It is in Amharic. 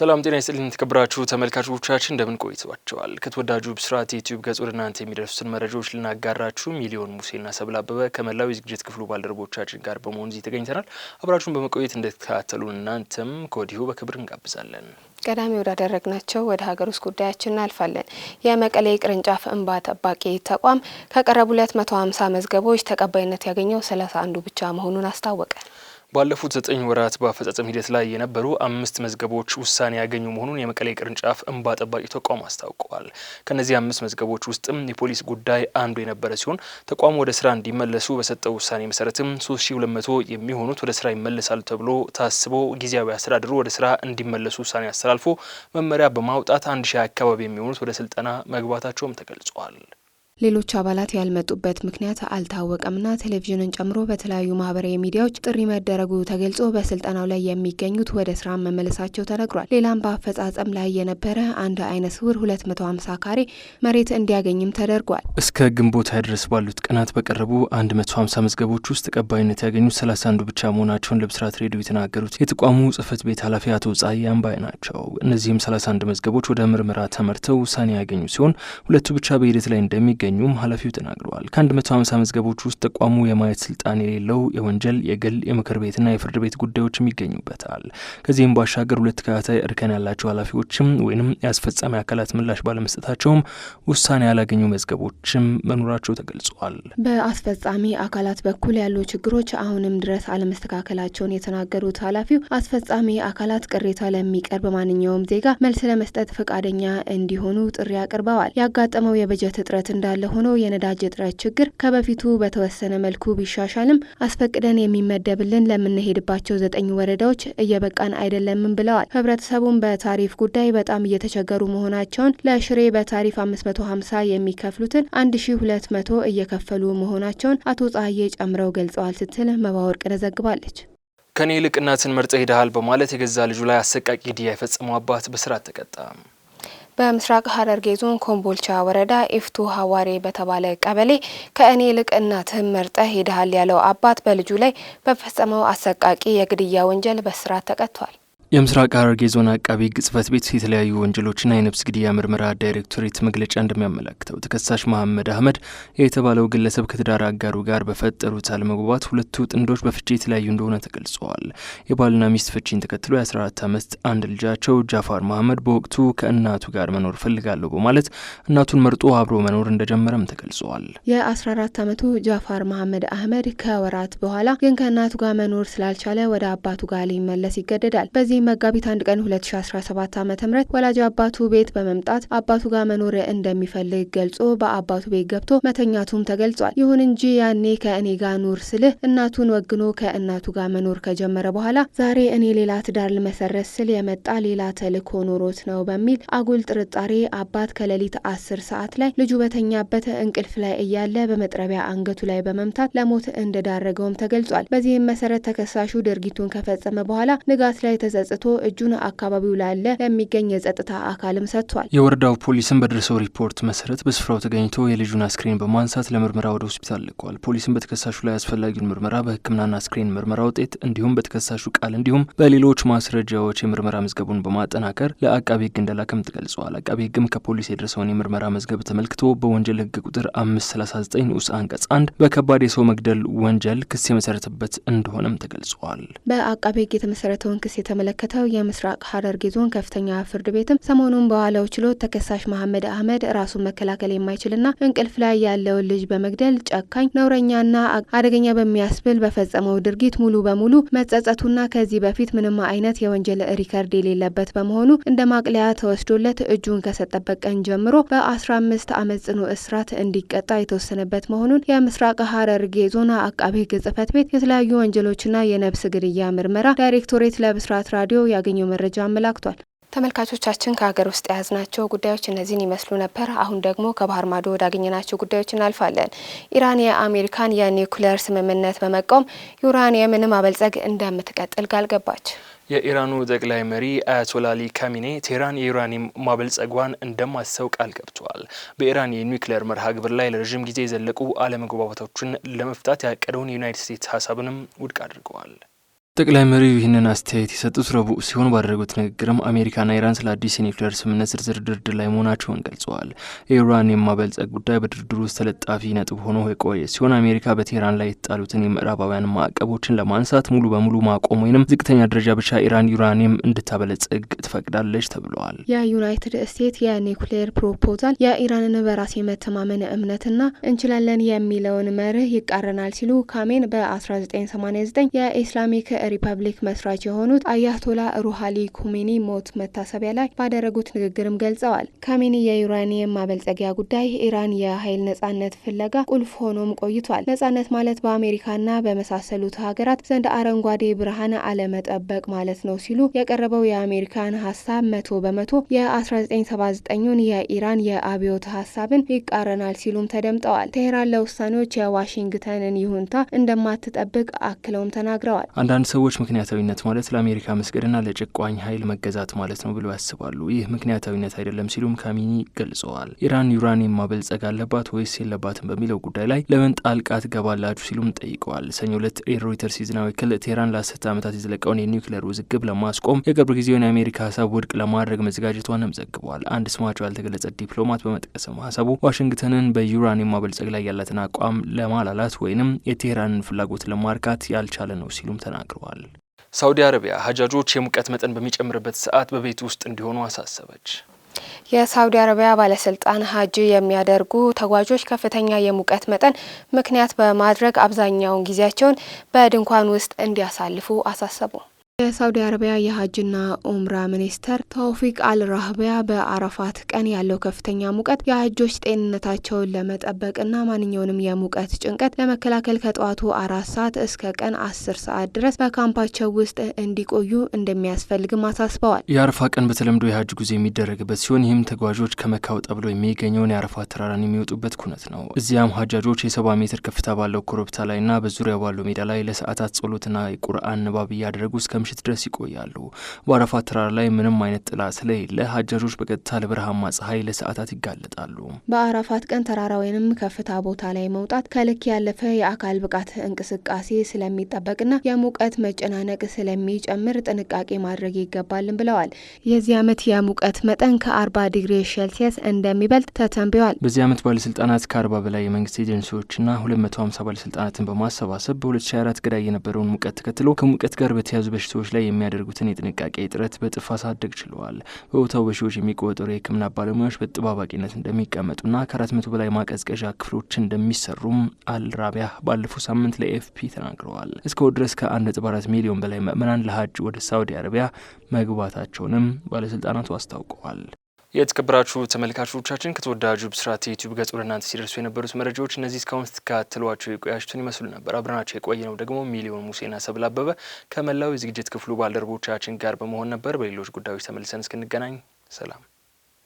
ሰላም ጤና ይስጥልኝ የተከበራችሁ ተመልካቾቻችን እንደምን ቆይቷቸዋል? ከተወዳጁ ብስራት ዩቲዩብ ገጽ ወደ እናንተ የሚደርሱትን መረጃዎች ልናጋራችሁ ሚሊዮን ሙሴና ሰብል አበበ ከመላው የዝግጅት ክፍሉ ባልደረቦቻችን ጋር በመሆን እዚህ ተገኝተናል። አብራችሁን በመቆየት እንደተከታተሉን እናንተም ከወዲሁ በክብር እንጋብዛለን። ቀዳሚ ወዳደረግናቸው ወደ ሀገር ውስጥ ጉዳያችን እናልፋለን። የመቀሌ ቅርንጫፍ እንባ ጠባቂ ተቋም ከቀረቡ 250 መዝገቦች ተቀባይነት ያገኘው 31ዱ ብቻ መሆኑን አስታወቀ። ባለፉት ዘጠኝ ወራት በአፈጻጸም ሂደት ላይ የነበሩ አምስት መዝገቦች ውሳኔ ያገኙ መሆኑን የመቀሌ ቅርንጫፍ እንባ ጠባቂ ተቋም አስታውቀዋል። ከእነዚህ አምስት መዝገቦች ውስጥም የፖሊስ ጉዳይ አንዱ የነበረ ሲሆን ተቋሙ ወደ ስራ እንዲመለሱ በሰጠው ውሳኔ መሰረትም 3200 የሚሆኑት ወደ ስራ ይመለሳሉ ተብሎ ታስቦ ጊዜያዊ አስተዳደሩ ወደ ስራ እንዲመለሱ ውሳኔ አስተላልፎ መመሪያ በማውጣት አንድ ሺህ አካባቢ የሚሆኑት ወደ ስልጠና መግባታቸውም ተገልጿል። ሌሎች አባላት ያልመጡበት ምክንያት አልታወቀምና ቴሌቪዥንን ጨምሮ በተለያዩ ማህበራዊ ሚዲያዎች ጥሪ መደረጉ ተገልጾ በስልጠናው ላይ የሚገኙት ወደ ስራ መመለሳቸው ተነግሯል። ሌላም በአፈጻጸም ላይ የነበረ አንድ አይነ ስውር 250 ካሬ መሬት እንዲያገኝም ተደርጓል። እስከ ግንቦት ድረስ ባሉት ቀናት በቀረቡ 150 መዝገቦች ውስጥ ተቀባይነት ያገኙት 31 አንዱ ብቻ መሆናቸውን ለብስራት ሬዲዮ የተናገሩት የተቋሙ ጽህፈት ቤት ኃላፊ አቶ ጻይ አምባይ ናቸው። እነዚህም 31 መዝገቦች ወደ ምርመራ ተመርተው ውሳኔ ያገኙ ሲሆን ሁለቱ ብቻ በሂደት ላይ እንደሚገኙ እንደሚገኙም ኃላፊው ተናግረዋል መቶ ሀምሳ መዝገቦች ውስጥ ተቋሙ የማየት ስልጣን የሌለው የወንጀል የግል የምክር ቤትና የፍርድ ቤት ጉዳዮችም ይገኙበታል። ከዚህም ባሻገር ሁለት ተከታታይ እርከን ያላቸው ኃላፊዎችም ወይም የአስፈጻሚ አካላት ምላሽ ባለመስጠታቸውም ውሳኔ ያላገኙ መዝገቦችም መኖራቸው ተገልጿል። በአስፈጻሚ አካላት በኩል ያሉ ችግሮች አሁንም ድረስ አለመስተካከላቸውን የተናገሩት ኃላፊው አስፈጻሚ አካላት ቅሬታ ለሚቀርብ ማንኛውም ዜጋ መልስ ለመስጠት ፈቃደኛ እንዲሆኑ ጥሪ አቅርበዋል። ያጋጠመው የበጀት እጥረት እንዳለ እንዳለ ሆኖ የነዳጅ እጥረት ችግር ከበፊቱ በተወሰነ መልኩ ቢሻሻልም አስፈቅደን የሚመደብልን ለምንሄድባቸው ዘጠኝ ወረዳዎች እየበቃን አይደለምም ብለዋል። ህብረተሰቡን በታሪፍ ጉዳይ በጣም እየተቸገሩ መሆናቸውን ለሽሬ በታሪፍ 550 የሚከፍሉትን 1200 እየከፈሉ መሆናቸውን አቶ ጸሐዬ ጨምረው ገልጸዋል ስትል መባወርቅ ዘግባለች። ከኔ ይልቅ እናትን መርጠ ሄደሃል በማለት የገዛ ልጁ ላይ አሰቃቂ ግድያ የፈጸመው አባት በስራት ተቀጣ። በምስራቅ ሐረርጌ ዞን ኮምቦልቻ ወረዳ ኢፍቱ ሀዋሬ በተባለ ቀበሌ ከእኔ ይልቅ እናትህን መርጠህ ሄደሃል ያለው አባት በልጁ ላይ በፈጸመው አሰቃቂ የግድያ ወንጀል በእስራት ተቀጥቷል። የምስራቅ ሐረርጌ ዞን አቃቢ ሕግ ጽሕፈት ቤት የተለያዩ ወንጀሎችና የነፍስ ግድያ ምርመራ ዳይሬክቶሬት መግለጫ እንደሚያመላክተው ተከሳሽ መሐመድ አህመድ የተባለው ግለሰብ ከትዳር አጋሩ ጋር በፈጠሩት አለመግባባት ሁለቱ ጥንዶች በፍቺ የተለያዩ እንደሆነ ተገልጸዋል። የባልና ሚስት ፍቺን ተከትሎ የ14 ዓመት አንድ ልጃቸው ጃፋር መሐመድ በወቅቱ ከእናቱ ጋር መኖር ፈልጋለሁ በማለት እናቱን መርጦ አብሮ መኖር እንደጀመረም ተገልጸዋል። የ14 ዓመቱ ጃፋር መሐመድ አህመድ ከወራት በኋላ ግን ከእናቱ ጋር መኖር ስላልቻለ ወደ አባቱ ጋር ሊመለስ ይገደዳል። በዚህ መጋቢት አንድ ቀን 2017 ዓ ም ወላጅ አባቱ ቤት በመምጣት አባቱ ጋር መኖር እንደሚፈልግ ገልጾ በአባቱ ቤት ገብቶ መተኛቱም ተገልጿል። ይሁን እንጂ ያኔ ከእኔ ጋር ኑር ስልህ እናቱን ወግኖ ከእናቱ ጋር መኖር ከጀመረ በኋላ ዛሬ እኔ ሌላ ትዳር ልመሰረት ስል የመጣ ሌላ ተልእኮ ኖሮት ነው በሚል አጉል ጥርጣሬ አባት ከሌሊት አስር ሰዓት ላይ ልጁ በተኛበት እንቅልፍ ላይ እያለ በመጥረቢያ አንገቱ ላይ በመምታት ለሞት እንደዳረገውም ተገልጿል። በዚህም መሰረት ተከሳሹ ድርጊቱን ከፈጸመ በኋላ ንጋት ላይ ተጸጽ አጽቶ እጁን አካባቢው ላለ ለሚገኝ የጸጥታ አካልም ሰጥቷል። የወረዳው ፖሊስም በደረሰው ሪፖርት መሰረት በስፍራው ተገኝቶ የልጁን አስክሬን በማንሳት ለምርመራ ወደ ሆስፒታል ልኳል። ፖሊስም በተከሳሹ ላይ አስፈላጊውን ምርመራ በሕክምናና አስክሬን ምርመራ ውጤት እንዲሁም በተከሳሹ ቃል እንዲሁም በሌሎች ማስረጃዎች የምርመራ መዝገቡን በማጠናከር ለአቃቢ ሕግ እንደላከም ተገልጸዋል። አቃቤ ሕግም ከፖሊስ የደረሰውን የምርመራ መዝገብ ተመልክቶ በወንጀል ሕግ ቁጥር 539 ንዑስ አንቀጽ 1 በከባድ የሰው መግደል ወንጀል ክስ የመሰረተበት እንደሆነም ተገልጿል። በአቃቤ ሕግ የተመሰረተውን ክስ የተመለከ የተመለከተው የምስራቅ ሐረርጌ ዞን ከፍተኛ ፍርድ ቤትም ሰሞኑን በዋለው ችሎት ተከሳሽ መሐመድ አህመድ ራሱን መከላከል የማይችልና እንቅልፍ ላይ ያለውን ልጅ በመግደል ጨካኝ፣ ነውረኛና አደገኛ በሚያስብል በፈጸመው ድርጊት ሙሉ በሙሉ መጸጸቱና ከዚህ በፊት ምንም አይነት የወንጀል ሪከርድ የሌለበት በመሆኑ እንደ ማቅለያ ተወስዶለት እጁን ከሰጠበት ቀን ጀምሮ በ15 ዓመት ጽኑ እስራት እንዲቀጣ የተወሰነበት መሆኑን የምስራቅ ሐረርጌ ዞን አቃቤ ሕግ ጽሕፈት ቤት የተለያዩ ወንጀሎችና የነብስ ግድያ ምርመራ ዳይሬክቶሬት ለብስራት ራዲዮ ያገኘው መረጃ አመላክቷል። ተመልካቾቻችን ከሀገር ውስጥ የያዝናቸው ጉዳዮች እነዚህን ይመስሉ ነበር። አሁን ደግሞ ከባህር ማዶ ወዳገኘናቸው ጉዳዮች እናልፋለን። ኢራን የአሜሪካን የኒውክሌር ስምምነት በመቃወም ዩራኒየምንም አበልጸግ እንደምትቀጥል ቃል ገባች። የኢራኑ ጠቅላይ መሪ አያቶላሊ ካሚኔ ቴህራን የዩራኒየም ማበልጸጓን እንደማሰው ቃል ገብተዋል። በኢራን የኒውክሌር መርሃ ግብር ላይ ለረዥም ጊዜ የዘለቁ አለመግባባቶችን ለመፍታት ያቀደውን የዩናይትድ ስቴትስ ሀሳብንም ውድቅ አድርገዋል። ጠቅላይ መሪው ይህንን አስተያየት የሰጡት ረቡዕ ሲሆን ባደረጉት ንግግርም አሜሪካና ኢራን ስለ አዲስ የኒውክሌር ስምምነት ዝርዝር ድርድር ላይ መሆናቸውን ገልጸዋል። የኢራን የማበልጸግ ጉዳይ በድርድሩ ውስጥ ተለጣፊ ነጥብ ሆኖ የቆየ ሲሆን አሜሪካ በቴህራን ላይ የተጣሉትን የምዕራባውያን ማዕቀቦችን ለማንሳት ሙሉ በሙሉ ማቆም ወይንም ዝቅተኛ ደረጃ ብቻ ኢራን ዩራኒየም እንድታበለጸግ ትፈቅዳለች ተብለዋል። የዩናይትድ ስቴትስ የኒውክሌር ፕሮፖዛል የኢራንን በራስ የመተማመን እምነትና እንችላለን የሚለውን መርህ ይቃረናል ሲሉ ካሜን በ1989 የኢስላሚክ ሪፐብሊክ መስራች የሆኑት አያቶላ ሩሃሊ ኩሜኒ ሞት መታሰቢያ ላይ ባደረጉት ንግግርም ገልጸዋል። ካሜኒ የዩራኒየም ማበልጸጊያ ጉዳይ ኢራን የኃይል ነጻነት ፍለጋ ቁልፍ ሆኖም ቆይቷል። ነጻነት ማለት በአሜሪካና በመሳሰሉት ሀገራት ዘንድ አረንጓዴ ብርሃን አለመጠበቅ ማለት ነው ሲሉ የቀረበው የአሜሪካን ሀሳብ መቶ በመቶ የ1979ን የኢራን የአብዮት ሀሳብን ይቃረናል ሲሉም ተደምጠዋል። ቴሄራን ለውሳኔዎች የዋሽንግተንን ይሁንታ እንደማትጠብቅ አክለውም ተናግረዋል። አንዳንድ ሰዎች ምክንያታዊነት ማለት ለአሜሪካ መስገድና ለጭቋኝ ኃይል መገዛት ማለት ነው ብለው ያስባሉ። ይህ ምክንያታዊነት አይደለም ሲሉም ካሚኒ ገልጸዋል። ኢራን ዩራኒየም ማበልጸግ አለባት ወይስ የለባትም በሚለው ጉዳይ ላይ ለምን ጣልቃ ትገባላችሁ ሲሉም ጠይቀዋል። ሰኞ ዕለት የሮይተርስ የዜና ወኪል ቴህራን ለአስርተ ዓመታት የዘለቀውን የኒውክሌር ውዝግብ ለማስቆም የቅርብ ጊዜውን የአሜሪካ ሀሳብ ውድቅ ለማድረግ መዘጋጀቷንም ዘግቧል። አንድ ስማቸው ያልተገለጸ ዲፕሎማት በመጥቀስም ሀሳቡ ዋሽንግተንን በዩራኒየም ማበልጸግ ላይ ያላትን አቋም ለማላላት ወይንም የቴህራንን ፍላጎት ለማርካት ያልቻለ ነው ሲሉም ተናግረዋል። ተናግረዋል። ሳውዲ አረቢያ ሀጃጆች የሙቀት መጠን በሚጨምርበት ሰዓት በቤት ውስጥ እንዲሆኑ አሳሰበች። የሳውዲ አረቢያ ባለስልጣን ሀጅ የሚያደርጉ ተጓዦች ከፍተኛ የሙቀት መጠን ምክንያት በማድረግ አብዛኛውን ጊዜያቸውን በድንኳን ውስጥ እንዲያሳልፉ አሳሰቡ። የሳውዲ አረቢያ የሀጅና ኡምራ ሚኒስተር ተውፊቅ አልራህቢያ በአረፋት ቀን ያለው ከፍተኛ ሙቀት የሀጆች ጤንነታቸውን ለመጠበቅና ማንኛውንም የሙቀት ጭንቀት ለመከላከል ከጠዋቱ አራት ሰዓት እስከ ቀን አስር ሰዓት ድረስ በካምፓቸው ውስጥ እንዲቆዩ እንደሚያስፈልግም አሳስበዋል። የአረፋ ቀን በተለምዶ የሀጅ ጉዞ የሚደረግበት ሲሆን ይህም ተጓዦች ከመካው ጠብሎ የሚገኘውን የአረፋ ተራራን የሚወጡበት ኩነት ነው። እዚያም ሀጃጆች የሰባ ሜትር ከፍታ ባለው ኮረብታ ላይና በዙሪያው ባለው ሜዳ ላይ ለሰዓታት ጸሎትና የቁርአን ንባብ እያደረጉ እስከ ምሽት ድረስ ይቆያሉ። በአረፋ ተራራ ላይ ምንም አይነት ጥላ ስለሌለ ሀጃጆች በቀጥታ ለብርሃማ ፀሐይ ለሰዓታት ይጋለጣሉ። በአራፋት ቀን ተራራ ወይንም ከፍታ ቦታ ላይ መውጣት ከልክ ያለፈ የአካል ብቃት እንቅስቃሴ ስለሚጠበቅና የሙቀት መጨናነቅ ስለሚጨምር ጥንቃቄ ማድረግ ይገባልን ብለዋል። የዚህ ዓመት የሙቀት መጠን ከአርባ ዲግሪ ሴልሲየስ እንደሚበልጥ ተተንብዋል። በዚህ ዓመት ባለስልጣናት ከአርባ በላይ የመንግስት ኤጀንሲዎችና ሁለት መቶ ሀምሳ ባለስልጣናትን በማሰባሰብ በ2024 ገዳይ የነበረውን ሙቀት ተከትሎ ከሙቀት ጋር በተያያዙ በሽታዎች ተጎጂዎች ላይ የሚያደርጉትን የጥንቃቄ ጥረት በጥፍ አሳደግ ችለዋል። በቦታው በሺዎች የሚቆጠሩ የሕክምና ባለሙያዎች በጥባባቂነት እንደሚቀመጡና ከአራት መቶ በላይ ማቀዝቀዣ ክፍሎች እንደሚሰሩም አልራቢያ ባለፈው ሳምንት ለኤፍፒ ተናግረዋል። እስከው ድረስ ከ1.4 ሚሊዮን በላይ ምዕመናን ለሀጅ ወደ ሳውዲ አረቢያ መግባታቸውንም ባለስልጣናቱ አስታውቀዋል። የተከበራችሁ ተመልካቾቻችን ከተወዳጁ ብስራት የዩቲዩብ ገጽ ወደ እናንተ ሲደርሱ የነበሩት መረጃዎች እነዚህ እስካሁን ስትከታተሏቸው የቆያችሁትን ይመስሉ ነበር። አብረናቸው የቆየ ነው ደግሞ ሚሊዮን ሙሴና ሰብል አበበ ከመላው የዝግጅት ክፍሉ ባልደረቦቻችን ጋር በመሆን ነበር። በሌሎች ጉዳዮች ተመልሰን እስክንገናኝ ሰላም።